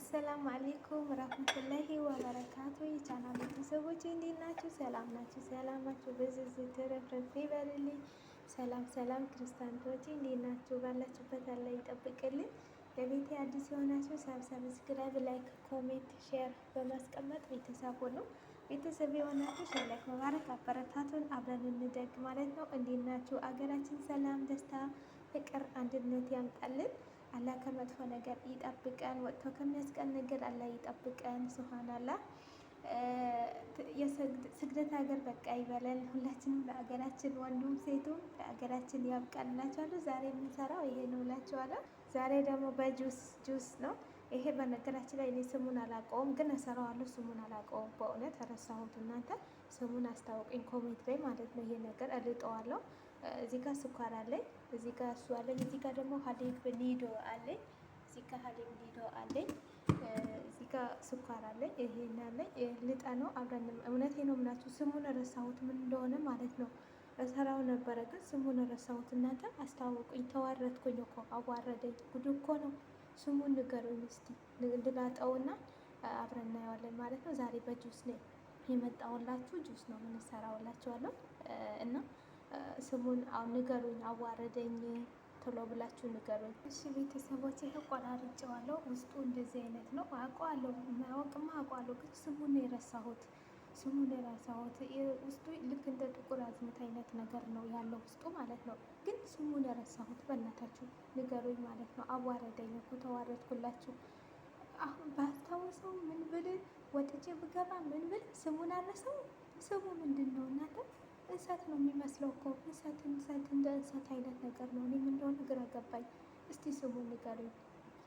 አሰላሙ አሌይኩም ረህመቱላሂ ወበረካቱ የቻናል ቤተሰቦች እንዴት ናችሁ? ሰላም ናችሁ? ሰላማችሁ ብዝዝ ትረፍረፍ ይበልልኝ። ሰላም ሰላም ክርስቲያንቶች እንዴት ናችሁ? ባላችሁበት አላ ይጠብቅልን። ለቤቴ አዲስ የሆናችሁ ሳብ ሰብስክራይብ፣ ላይክ፣ ኮሜንት፣ ሼር በማስቀመጥ ቤተሰብ ሁኑ። ቤተሰብ የሆናችሁ ሼር፣ ላይክ መባረክ አበረታቱን። አብረን እንደግ ማለት ነው። እንዴት ናችሁ? አገራችን ሰላም፣ ደስታ፣ ፍቅር፣ አንድነት ያምጣልን። አላህ ከመጥፎ ነገር ይጠብቀን። ወጥቶ ከሚያስቀን ነገር አላህ ይጠብቀን። አላ ስግደት ሀገር በቃ ይበለን። ሁላችንም ለሀገራችን ወንዱም ሴቱም ለሀገራችን ያብቃን እላቸዋለሁ። ዛሬ የምንሰራው ይሄ ነው ዛሬ ደግሞ በጁስ ጁስ ነው ይሄ። በነገራችን ላይ እኔ ስሙን አላውቀውም፣ ግን እሰራዋለሁ። ስሙን አላውቀውም በእውነት ረሳሁት። እናንተ ስሙን አስታውቁኝ ኮሜንት ላይ ማለት ነው። ይሄ ነገር እልጠዋለሁ እዚህ ጋር ስኳር አለኝ፣ እዚህ ጋር እሱ አለኝ፣ እዚህ ጋር ደግሞ ሀሊብ ኒዶ አለኝ፣ እዚህ ጋር ሀሊብ ኒዶ አለኝ፣ እዚህ ጋር ስኳር አለኝ። ይሄን አለኝ ልጠ ነው አብረን። እውነቴ ነው የምላችሁ ስሙን ረሳሁት ምን እንደሆነ ማለት ነው። እሰራው ነበረ ግን ስሙን ረሳሁት። እናንተ አስታወቁኝ። ተዋረድኩኝ እኮ አዋረደኝ። ጉድ እኮ ነው። ስሙን ንገሩኝ እስቲ እንድላጠውና አብረን እናየዋለን ማለት ነው። ዛሬ በጁስ ነው የመጣውላችሁ። ጁስ ነው የምንሰራውላችኋለሁ እና ስሙን ንገሩኝ፣ አዋረደኝ ቶሎ ብላችሁ ንገሩኝ። እሺ ቤተሰቦች ተቆራርጬዋለሁ። ውስጡ እንደዚህ አይነት ነው አውቀዋለሁ፣ ማወቅማ አውቀዋለሁ፣ ግን ስሙን የረሳሁት ስሙን የረሳሁት ውስጡ ልክ እንደ ጥቁር አዝሙድ አይነት ነገር ነው ያለው ውስጡ ማለት ነው። ግን ስሙን የረሳሁት በእናታችሁ ንገሩኝ ማለት ነው። አዋረደኝ እኮ ተዋረድኩላችሁ። አሁን ባስታውሰው ምን ብል ወጥቼ ብገባ ምን ብል ስሙን አረሰው? ስሙ ምንድን ነው እናንተ? እንሰት ነው የሚመስለው እኮ እንሰት እንሰት እንደ እንሰት አይነት ነገር ነው። እኔም እንደሆነ ግራ ገባኝ። እስቲ ስሙ ንገሩኝ፣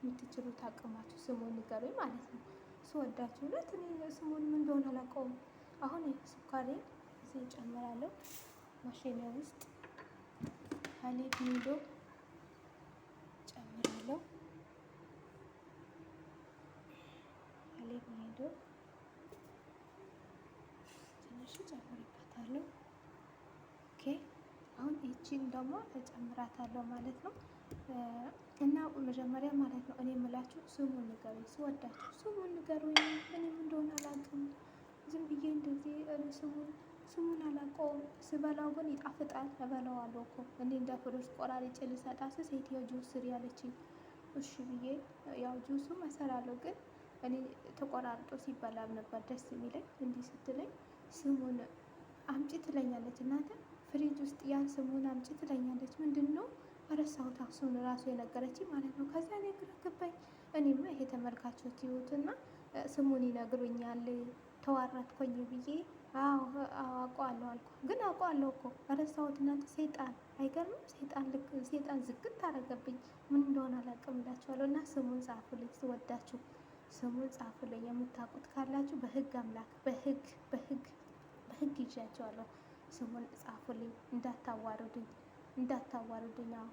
የምትችሉት አቅማችሁ ስሙ ንገሩኝ ማለት ነው። ስወዳችሁ እውነት እኔ ስሙን ምን እንደሆነ አላውቀውም። አሁን ስኳሬ እዚህ እጨምራለሁ ማሽኒያ ውስጥ ካሊድ ሚዶ ጨምራለሁ ካሊድ ሚዶ አሁን ይቺን ደግሞ እጨምራታለሁ ማለት ነው። እና መጀመሪያ ማለት ነው እኔ የምላችሁ ስሙን ንገሩኝ፣ ስወዳችሁ ስሙን ንገሩኝ። እኔም እንደሆነ አላውቅም፣ ዝም ብዬ እንደዚህ ስሙን ስሙን አላውቀውም። ስበላው ግን ይጣፍጣል፣ እበላዋለሁ እኮ እኔ እንደ ፍሬሽ ቆራርጬ ልሰጣት ሴትዮ ጁስ ስሪ ያለችኝ፣ እሺ ብዬ ያው ጁሱ መሰራለሁ። ግን እኔ ተቆራርጦ ሲበላም ነበር ደስ የሚለኝ። እንዲህ ስትለኝ ስሙን አምጪ ትለኛለች እናንተ ፍሪጅ ውስጥ ያን ስሙን አምጪ ትለኛለች። ምንድን ነው ረሳሁት፣ አክሱን ራሱ የነገረችኝ ማለት ነው። ከዚያ እኔ ግራ ገባኝ። እኔማ ይሄ ተመልካቾች ይሁትና ስሙን ይነግሩኛል ተዋረድኩኝ ብዬ አውቀዋለሁ አልኩ። ግን አውቀዋለሁ እኮ ረሳሁት። እናንተ ሰይጣን አይገርምም? ሰይጣን ልክ ሰይጣን ዝግት ታደረገብኝ። ምን እንደሆነ አላውቅም እላችኋለሁ። እና ስሙን ጻፉልኝ ስወዳችሁ፣ ስሙን ጻፉልኝ። የምታውቁት ካላችሁ በህግ አምላክ በህግ በህግ በህግ ይዣቸዋለሁ። ስሙን ጻፉልኝ። እንዳታዋርዱኝ እንዳታዋርዱኝ፣ አዎ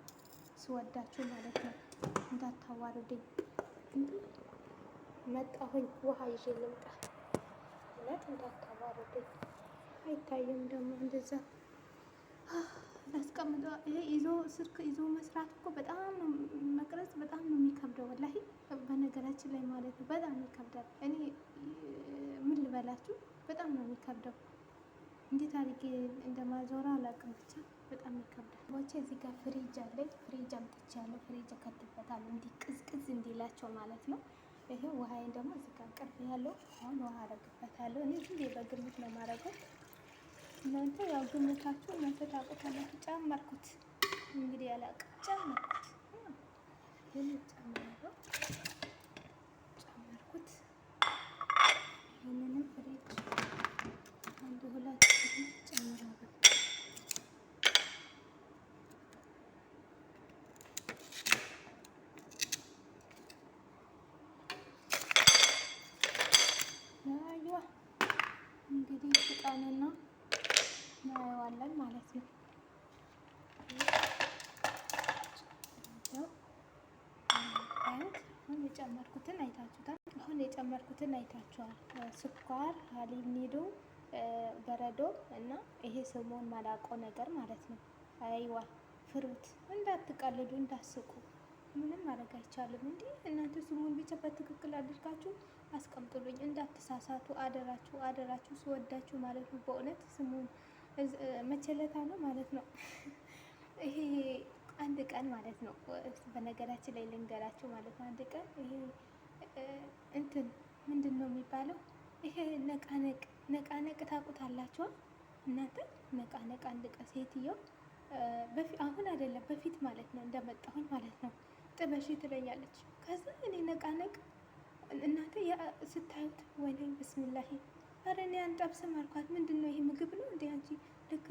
ስወዳችሁ ማለት ነው። እንዳታዋርዱኝ። መጣሁኝ፣ ውሃ ይዤ ልምጣ። እውነት እንዳታዋርዱኝ። አይታየም ደግሞ እንደዛ ያስቀምጠ። ይሄ ይዞ ስልክ ይዞ መስራት እኮ በጣም ነው መቅረጽ፣ በጣም ነው የሚከብደው። ወላሂ በነገራችን ላይ ማለት ነው በጣም ይከብዳል። እኔ ምን ልበላችሁ፣ በጣም ነው የሚከብደው። እንዴት አድርጌ እንደማዞረው አላውቅም። ብቻ በጣም ይከብዳል። ቦቼ እዚህ ጋር ፍሪጅ አለ። ፍሪጅ አምጥቼ ያለው ፍሪጅ ከትበታለሁ እንዲህ ቅዝቅዝ እንዲላቸው ማለት ነው። ይሄ ውሃዬን ደግሞ እዚህ ጋር ቅርብ ያለው አሁን ውሃ አረግበታለሁ። እኔ ሁሌ በግምት ነው ማረገው። እናንተ ያው ግምታችሁ እናንተ ታውቁታላችሁ። ጨመርኩት እንግዲህ አላውቅም። ጨመርኩት ግን ጨመርኩት ጨመርኩት ይህንን ውሳኔና እናየዋለን ማለት ነው። አሁን የጨመርኩትን አይታችሁታል። አሁን የጨመርኩትን አይታችኋል። ስኳር፣ ሀሊብ፣ ኒዶ፣ በረዶ እና ይሄ ስሙን ማላቆ ነገር ማለት ነው። አይዋ ፍሩት እንዳትቀልዱ እንዳስቁ ምንም ማድረግ አይቻልም። እንዲ እናንተ ስሙን ብቻ በትክክል አድርጋችሁ አስቀምጡልኝ፣ እንዳትሳሳቱ አደራችሁ፣ አደራችሁ። ስወዳችሁ ማለት ነው። በእውነት ስሙን መቸለታ ነው ማለት ነው። ይሄ አንድ ቀን ማለት ነው። በነገራችን ላይ ልንገራችሁ ማለት ነው። አንድ ቀን ይሄ እንትን ምንድን ነው የሚባለው? ይሄ ነቃነቅ ነቃነቅ ታውቁታላችሁ እናንተ። ነቃነቅ አንድ ቀን ሴትየው በፊት አሁን አይደለም በፊት ማለት ነው እንደመጣሁኝ ማለት ነው ጥበሽ ትለኛለች። ከዛ እኔ ነቃነቅ እናቴ ስታዩት ወይኔ ብስሚላሂ አረ እኔ አንጠብስም አልኳት። ምንድን ነው ይሄ ምግብ ነው እንዴ አንቺ? ልክ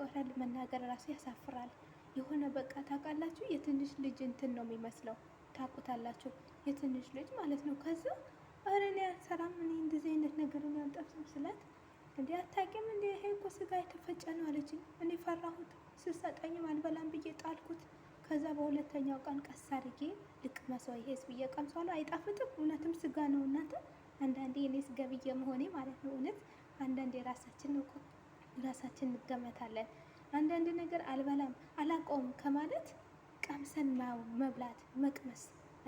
ወረድ መናገር ራሱ ያሳፍራል። የሆነ በቃ ታውቃላችሁ፣ የትንሽ ልጅ እንትን ነው የሚመስለው። ታውቁታላችሁ፣ የትንሽ ልጅ ማለት ነው። ከዛ አረ እኔ አልሰራም፣ እኔ እንደዚህ አይነት ነገር እኔ አንጠብስም ስላት እንዴ አታውቂም እንዴ ይሄ እኮ ስጋ የተፈጨ ነው አለችኝ። እኔ ፈራሁት፣ ስሰጠኝም አልበላም ብዬ ጣልኩት። ከዛ በሁለተኛው ቀን ቀስ አድርጌ ልቅመሰው። ይሄ ስብዬ ቀምሷል፣ አይጣፍጥም። እውነትም ስጋ ነው እናንተ። አንዳንዴ እኔ ስጋ ብዬ መሆኔ ማለት ነው እውነት። አንዳንዴ ራሳችን እኮ ራሳችን እንገመታለን። አንዳንድ ነገር አልበላም አላውቀውም ከማለት ቀምሰን መብላት መቅመስ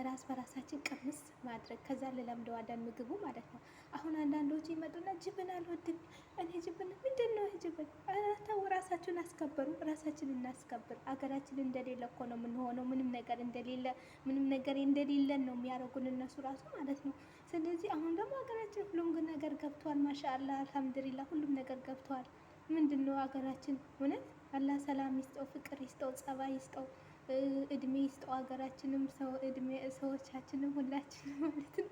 ራስ በራሳችን ቅምስ ማድረግ ከዛ ልለምደዋለን ምግቡ ማለት ነው። አሁን አንዳንዶች ይመጡና ጅብን አልወድም እኔ ጅብን ምንድን ነው ጅብን? ተው ራሳችሁን አስከበሩ፣ ራሳችን እናስከብር። አገራችን እንደሌለ እኮ ነው የምንሆነው። ምንም ነገር እንደሌለ ምንም ነገር እንደሌለን ነው የሚያደርጉን እነሱ ራሱ ማለት ነው። ስለዚህ አሁን ደግሞ ሀገራችን ሁሉም ነገር ገብቷል። ማሻአላ አልሐምዱሊላ ሁሉም ነገር ገብቷል። ምንድን ነው ሀገራችን እውነት አላህ ሰላም ይስጠው፣ ፍቅር ይስጠው፣ ጸባይ ይስጠው። እድሜ ይስጠው ሀገራችንም ሰው እድሜ ሰዎቻችንም ሁላችንም ማለት ነው።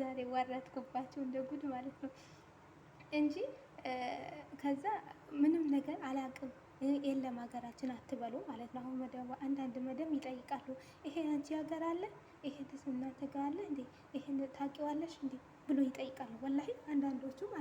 ዛሬ ዋረድኩባቸው እንደ ጉድ ማለት ነው እንጂ ከዛ ምንም ነገር አላቅም የለም ሀገራችን አትበሉ ማለት ነው። አሁን መደብ አንዳንድ መደብ ይጠይቃሉ። ይሄ አንቺ ሀገር አለ ይሄ እናንተ ጋር አለ እንዴ ይሄን ታውቂዋለሽ እንዴ ብሎ ይጠይቃሉ። ወላሂ አንዳንዶቹ ማለት